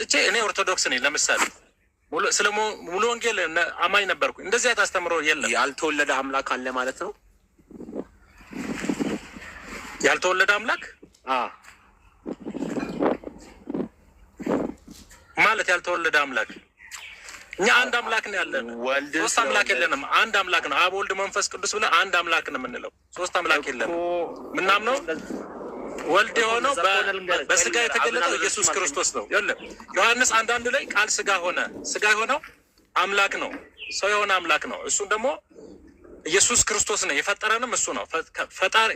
ጥቼ እኔ ኦርቶዶክስ ነኝ ለምሳሌ ስለ ሙሉ ወንጌል አማኝ ነበርኩ። እንደዚህ አይነት አስተምሮ የለም። ያልተወለደ አምላክ አለ ማለት ነው። ያልተወለደ አምላክ ማለት ያልተወለደ አምላክ እኛ አንድ አምላክ ነው ያለን። ሶስት አምላክ የለንም። አንድ አምላክ ነው አብ፣ ወልድ፣ መንፈስ ቅዱስ ብለን አንድ አምላክ ነው የምንለው። ሶስት አምላክ የለንም ምናምነው ወልድ የሆነው በስጋ የተገለጠው ኢየሱስ ክርስቶስ ነው። ዮሐንስ አንዳንዱ ላይ ቃል ስጋ ሆነ። ስጋ የሆነው አምላክ ነው፣ ሰው የሆነ አምላክ ነው። እሱን ደግሞ ኢየሱስ ክርስቶስ ነው የፈጠረንም እሱ ነው። ፈጣሪ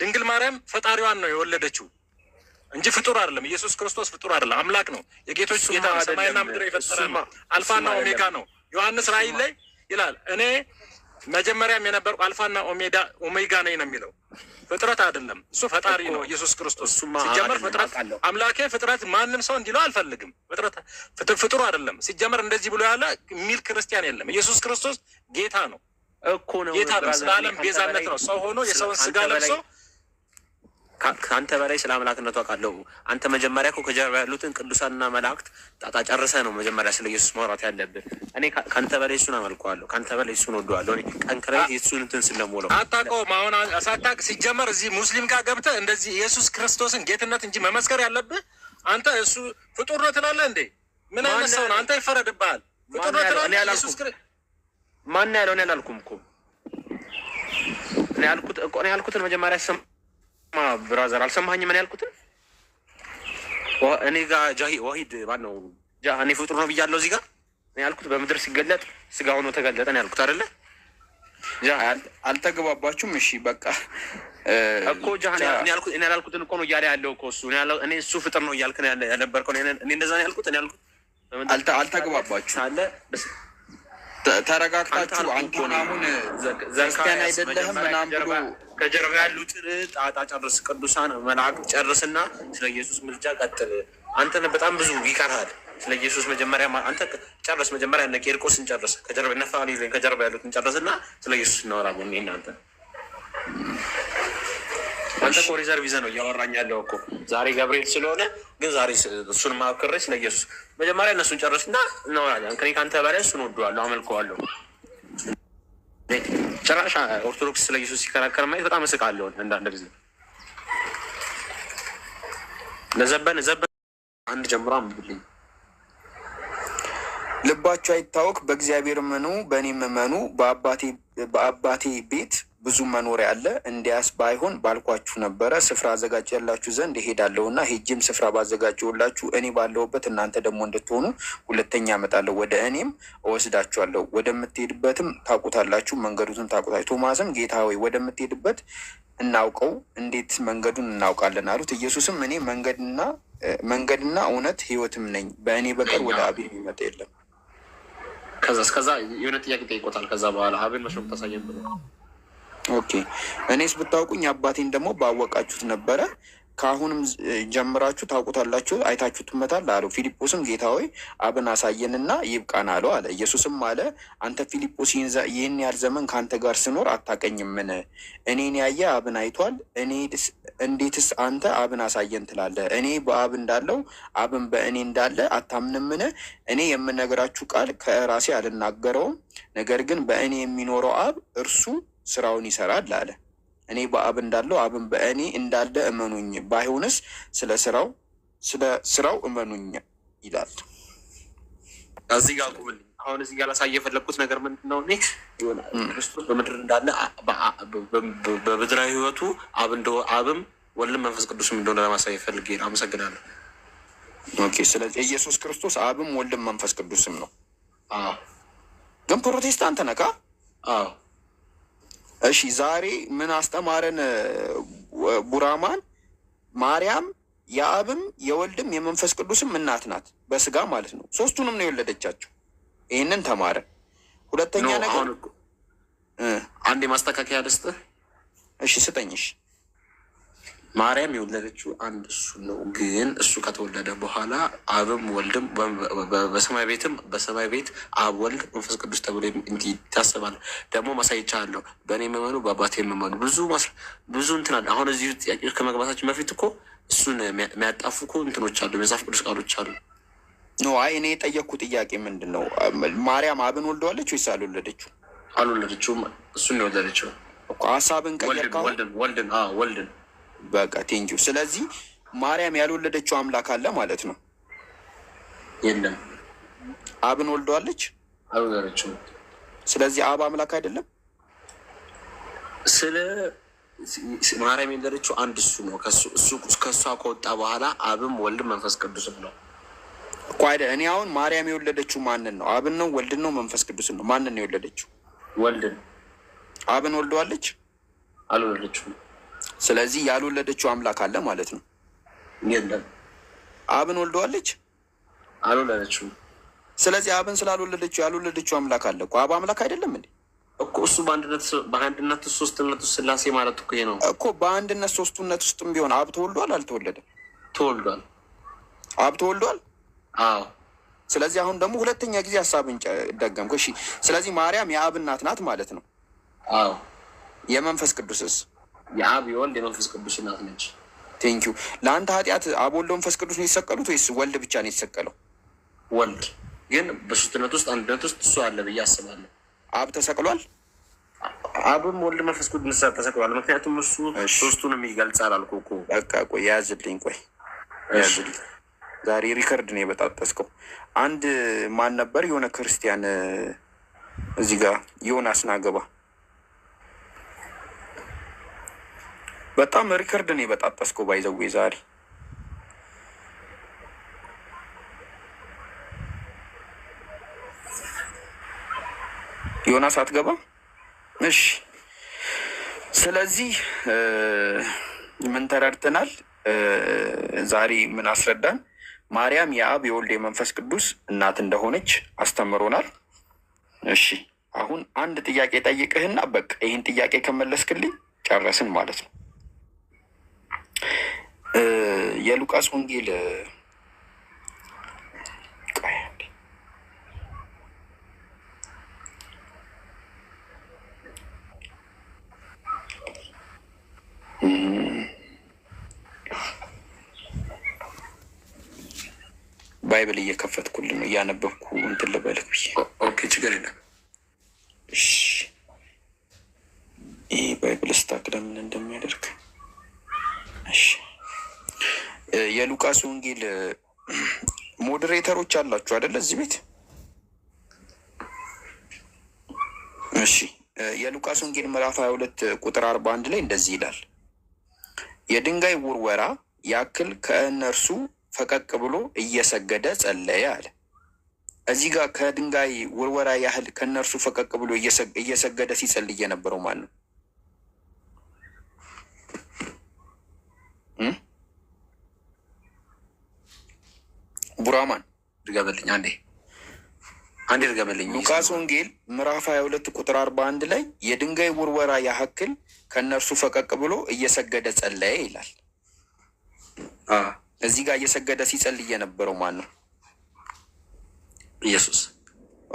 ድንግል ማርያም ፈጣሪዋን ነው የወለደችው እንጂ ፍጡር አይደለም። ኢየሱስ ክርስቶስ ፍጡር አይደለም፣ አምላክ ነው። የጌቶች ጌታ ሰማይና ምድር የፈጠረ አልፋና ኦሜጋ ነው። ዮሐንስ ራእይ ላይ ይላል እኔ መጀመሪያም የነበርኩ አልፋና ኦሜጋ ነኝ ነው የሚለው። ፍጥረት አይደለም እሱ ፈጣሪ ነው ኢየሱስ ክርስቶስ። ሲጀመር ፍጥረት አምላኬ ፍጥረት ማንም ሰው እንዲለው አልፈልግም። ፍጥረት ፍጥሩ አይደለም ሲጀመር። እንደዚህ ብሎ ያለ የሚል ክርስቲያን የለም። ኢየሱስ ክርስቶስ ጌታ ነው እኮ ነው። ጌታ ነው። ስለ አለም ቤዛነት ነው ሰው ሆኖ የሰውን ስጋ ለብሶ ከአንተ በላይ ስለ አምላክነቱ አውቃለሁ። አንተ መጀመሪያ ከጀርባ ያሉትን ቅዱሳንና መላእክት ጣጣ ጨርሰ ነው መጀመሪያ ስለ ኢየሱስ ማውራት ያለብን። እኔ ከአንተ በላይ እሱን አመልከዋለሁ፣ ከአንተ በላይ እሱን ወደዋለሁ። እኔ ቀን ቀንክረ የሱን እንትን ስለሞለው አታውቀውም። አሁን ሳታውቅ ሲጀመር እዚህ ሙስሊም ጋር ገብተህ እንደዚህ ኢየሱስ ክርስቶስን ጌትነት እንጂ መመስከር ያለብህ አንተ እሱ ፍጡር ነው ትላለህ እንዴ? ምን አይነት ሰው ነው? አንተ ይፈረድብሃል። ፍጡር ነው ትላለህ። ማን ያለው? እኔ አላልኩም እኮ እኔ ያልኩት እኔ ያልኩትን መጀመሪያ ስም ብራዘር አልሰማኝ ምን ያልኩትን እኔ ጋ ጃሂ ዋሂድ ማነው? እኔ ፍጡር ነው ብያለሁ። እዚህ ጋር እኔ ያልኩት በምድር ሲገለጥ ስጋ ሆኖ ተገለጠ ነው ያልኩት አይደለ? አልተግባባችሁም? እሺ በቃ እኮ እኔ ያላልኩትን እኮ ነው እያለ ያለው እኮ እሱ እኔ እሱ ፍጥር ነው እያልክ ያነበርከው እኔ እንደዛ ነው ያልኩት። እኔ ያልኩት አልተግባባችሁ አለ ተረጋግታችሁ አንተን አሁን ዘካን አይደለህም ምናምን ብሎ ከጀርባ ያሉትን ጣጣ ጨርስ፣ ቅዱሳን መላእክት ጨርስና ስለ ኢየሱስ ምልጃ ቀጥል። አንተን በጣም ብዙ ይቀርሃል። ስለ ኢየሱስ መጀመሪያ አንተ ጨርስ። መጀመሪያ እነ ቂርቆስን ጨርስ፣ ከጀርባ ነፋ ከጀርባ ያሉትን ጨርስና ስለ ኢየሱስ እናወራለን እናንተ አንተ እኮ ሪዘርቭ ይዘህ ነው እያወራኝ ያለው እኮ ዛሬ ገብርኤል ስለሆነ ግን ዛሬ እሱን ማክሬ ስለ ኢየሱስ መጀመሪያ እነሱን ጨርስ ጨርስና እናወራለን። ከኔ ከአንተ በላይ እሱን ወደዋለሁ፣ አመልከዋለሁ። ጭራሽ ኦርቶዶክስ ስለ ኢየሱስ ሲከራከር ማየት በጣም እስቃለሁ አንዳንድ ጊዜ። ለዘበን ዘበን አንድ ጀምሮ አንብልኝ። ልባችሁ አይታወክ፣ በእግዚአብሔር እመኑ፣ በእኔም እመኑ። በአባቴ ቤት ብዙ መኖሪያ አለ። እንዲያስ ባይሆን ባልኳችሁ ነበረ ስፍራ አዘጋጀላችሁ ዘንድ እሄዳለሁ እና ሄጅም ስፍራ ባዘጋጀውላችሁ እኔ ባለሁበት እናንተ ደግሞ እንድትሆኑ ሁለተኛ እመጣለሁ፣ ወደ እኔም እወስዳችኋለሁ፣ ወደምትሄድበትም ታውቁታላችሁ፣ መንገዱትም ታውቁታላችሁ። ቶማስም ጌታ ወይ ወደምትሄድበት እናውቀው እንዴት መንገዱን እናውቃለን አሉት። ኢየሱስም እኔ መንገድና መንገድና እውነት ህይወትም ነኝ፣ በእኔ በቀር ወደ አብ የሚመጣ የለም። ከዛ እስከዛ የሆነ ጥያቄ ጠይቆታል። ከዛ በኋላ አብን መሾም ታሳየን ብሎ ኦኬ እኔስ ብታውቁኝ አባቴን ደግሞ ባወቃችሁት ነበረ። ከአሁንም ጀምራችሁ ታውቁታላችሁ፣ አይታችሁትመታል አለው። ፊልጶስም ጌታ ሆይ አብን አሳየንና ይብቃን አለው አለ። ኢየሱስም አለ አንተ ፊልጶስ ይህን ያህል ዘመን ከአንተ ጋር ስኖር አታቀኝምን? እኔን ያየ አብን አይቷል። እንዴትስ አንተ አብን አሳየን ትላለህ? እኔ በአብ እንዳለው አብን በእኔ እንዳለ አታምንምን? እኔ የምነግራችሁ ቃል ከራሴ አልናገረውም፣ ነገር ግን በእኔ የሚኖረው አብ እርሱ ስራውን ይሰራል አለ። እኔ በአብ እንዳለው አብን በእኔ እንዳለ እመኑኝ፣ ባይሆንስ ስለ ስራው ስለ ስራው እመኑኝ ይላል። እዚህ ጋር ቁምል። አሁን እዚህ ጋር ላሳየ የፈለግኩት ነገር ምንድን ነው? እኔ ክርስቶስ በምድር እንዳለ በምድራዊ ህይወቱ አብ እንደ አብም ወልም መንፈስ ቅዱስም እንደሆነ ለማሳየ ፈልጌ አመሰግናለሁ። ኦኬ። ስለዚህ ኢየሱስ ክርስቶስ አብም ወልድም መንፈስ ቅዱስም ነው። ግን ፕሮቴስታንት ነቃ። አዎ እሺ ዛሬ ምን አስተማረን? ቡራማን ማርያም የአብም የወልድም የመንፈስ ቅዱስም እናት ናት፣ በስጋ ማለት ነው። ሶስቱንም ነው የወለደቻቸው። ይህንን ተማረን። ሁለተኛ ነገር አንድ ማስተካከያ ደስጥ እሺ ስጠኝሽ ማርያም የወለደችው አንድ እሱ ነው። ግን እሱ ከተወለደ በኋላ አብም ወልድም በሰማይ ቤትም በሰማይ ቤት አብ ወልድ መንፈስ ቅዱስ ተብሎ ይታሰባል። ደግሞ ማሳይቻ አለው። በእኔ የምመኑ በአባቴ የመመኑ ብዙ ብዙ እንትን አለ። አሁን እዚህ ጥያቄዎች ከመግባታችን በፊት እኮ እሱን የሚያጣፉ እኮ እንትኖች አሉ፣ መጽሐፍ ቅዱስ ቃሎች አሉ። አይ እኔ የጠየቅኩ ጥያቄ ምንድን ነው? ማርያም አብን ወልደዋለች ወይስ አልወለደችው? አልወለደችውም። እሱን የወለደችው ሀሳብን ቀየርካ ወልድን ወልድን በቃ ቴንኪው። ስለዚህ ማርያም ያልወለደችው አምላክ አለ ማለት ነው? የለም። አብን ወልደዋለች? አልወለደችው። ስለዚህ አብ አምላክ አይደለም። ስለ ማርያም የወለደችው አንድ እሱ ነው። ከእሷ ከወጣ በኋላ አብም ወልድ መንፈስ ቅዱስም ነው እኮ አይደል? እኔ አሁን ማርያም የወለደችው ማንን ነው? አብን ነው? ወልድን ነው? መንፈስ ቅዱስን ነው? ማንን ነው የወለደችው? ወልድን። አብን ወልደዋለች? አልወለደችውም። ስለዚህ ያልወለደችው አምላክ አለ ማለት ነው። የለም አብን ወልደዋለች፣ አልወለደችው። ስለዚህ አብን ስላልወለደችው ያልወለደችው አምላክ አለ እኮ። አብ አምላክ አይደለም እንዴ? እኮ እሱ በአንድነት ሶስትነት ውስጥ ስላሴ ማለት እኮ ይሄ ነው እኮ። በአንድነት ሶስትነት ውስጥም ቢሆን አብ ተወልዷል፣ አልተወለደም? ተወልዷል። አብ ተወልዷል። አዎ። ስለዚህ አሁን ደግሞ ሁለተኛ ጊዜ ሀሳብን ደገምኩ። እሺ። ስለዚህ ማርያም የአብ እናት ናት ማለት ነው። አዎ። የመንፈስ ቅዱስስ የአብ የወልድ የመንፈስ ቅዱስ እናት ነች። ቴንኪዩ። ለአንተ ኃጢአት አብ ወልድ መንፈስ ቅዱስ ነው የተሰቀሉት ወይስ ወልድ ብቻ ነው የተሰቀለው? ወልድ ግን በሶስትነት ውስጥ አንድነት ውስጥ እሱ አለ ብዬ አስባለሁ። አብ ተሰቅሏል። አብም ወልድ መንፈስ ቅዱስ ተሰቅሏል። ምክንያቱም እሱ ሶስቱንም ይገልጻል። አልኩህ እኮ በቃ ቆይ የያዝልኝ ቆይ ያዝልኝ። ዛሬ ሪከርድ ነው የበጣጠስከው። አንድ ማን ነበር? የሆነ ክርስቲያን እዚህ ጋር ዮናስ ናገባ በጣም ሪከርድ ነው የበጣጠስከው። ባይዘዌ ዛሬ ዮናስ አትገባ። እሺ፣ ስለዚህ ምን ተረድተናል? ዛሬ ምን አስረዳን? ማርያም የአብ የወልድ የመንፈስ ቅዱስ እናት እንደሆነች አስተምሮናል። እሺ አሁን አንድ ጥያቄ ጠይቅህና በቃ ይህን ጥያቄ ከመለስክልኝ ጨረስን ማለት ነው። የሉቃስ ወንጌል ባይብል እየከፈትኩልን ነው እያነበብኩ እንትን ልበልክ ብዬ። ኦኬ ችግር የለም። ይህ ባይብል ስታክ ለምን እንደሚያደርግ የሉቃስ ወንጌል ሞዴሬተሮች አላችሁ አይደለ? እዚህ ቤት እሺ። የሉቃስ ወንጌል ምዕራፍ ሀያ ሁለት ቁጥር አርባ አንድ ላይ እንደዚህ ይላል የድንጋይ ውርወራ ያክል ከእነርሱ ፈቀቅ ብሎ እየሰገደ ጸለየ አለ። እዚህ ጋር ከድንጋይ ውርወራ ያህል ከእነርሱ ፈቀቅ ብሎ እየሰገደ ሲጸልይ የነበረው ማን ነው? ቡራማን ድገበልኝ አንዴ አንዴ ድገበልኝ። ሉቃስ ወንጌል ምዕራፍ ሀያ ሁለት ቁጥር አርባ አንድ ላይ የድንጋይ ውርወራ ያህክል ከእነርሱ ፈቀቅ ብሎ እየሰገደ ጸለየ ይላል። እዚህ ጋር እየሰገደ ሲጸልይ የነበረው ማን ነው? ኢየሱስ።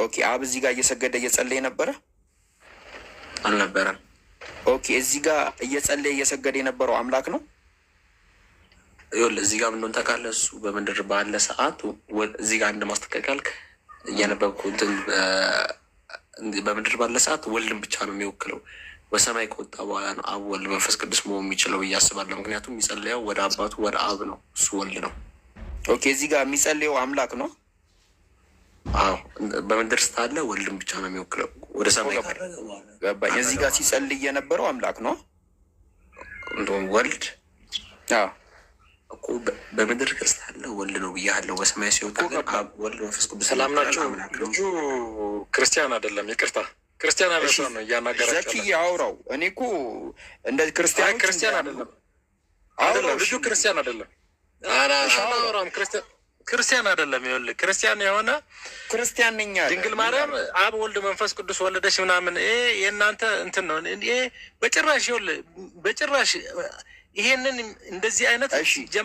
ኦኬ። አብ እዚህ ጋር እየሰገደ እየጸለየ ነበረ አልነበረም? ኦኬ። እዚህ ጋር እየጸለየ እየሰገደ የነበረው አምላክ ነው ይኸውልህ እዚህ ጋር ምንድን ታውቃለህ? እሱ በምድር ባለ ሰዓት እዚህ ጋር እንደማስተካከል እያነበብኩትን በምድር ባለ ሰዓት ወልድን ብቻ ነው የሚወክለው። በሰማይ ከወጣ በኋላ ነው አብ ወልድ መንፈስ ቅዱስ መሆን የሚችለው ብዬ ምክንያቱም የሚጸለየው ወደ አባቱ ወደ አብ ነው፣ እሱ ወልድ ነው። ኦኬ፣ እዚህ ጋር የሚጸለየው አምላክ ነው። አዎ፣ በምድር ስታለ ወልድን ብቻ ነው የሚወክለው። ወደ ሰማይ ገባኝ። እዚህ ጋር ሲጸልይ የነበረው አምላክ ነው እንደውም ወልድ እኮ በምድር ቅርስ አለ ወልድ ነው ብያለሁ። በሰማይ ሲወጣ ወልድ መንፈስ ቅዱስ ሰላም ናቸው። ልጁ ክርስቲያን አይደለም፣ ይቅርታ ክርስቲያን አይደለም ነው እያናገራቸው ያውራው። እኔ እኮ እንደ ክርስቲያን ክርስቲያን አይደለም አይደለም፣ ልጁ ክርስቲያን አይደለም። አላወራም ክርስቲያን ክርስቲያን አይደለም። ይኸውልህ ክርስቲያን የሆነ ክርስቲያን ነኝ አለ። ድንግል ማርያም አብ ወልድ መንፈስ ቅዱስ ወለደች ምናምን የእናንተ እንትን ነው። በጭራሽ ይኸውልህ በጭራሽ ይሄንን እንደዚህ አይነት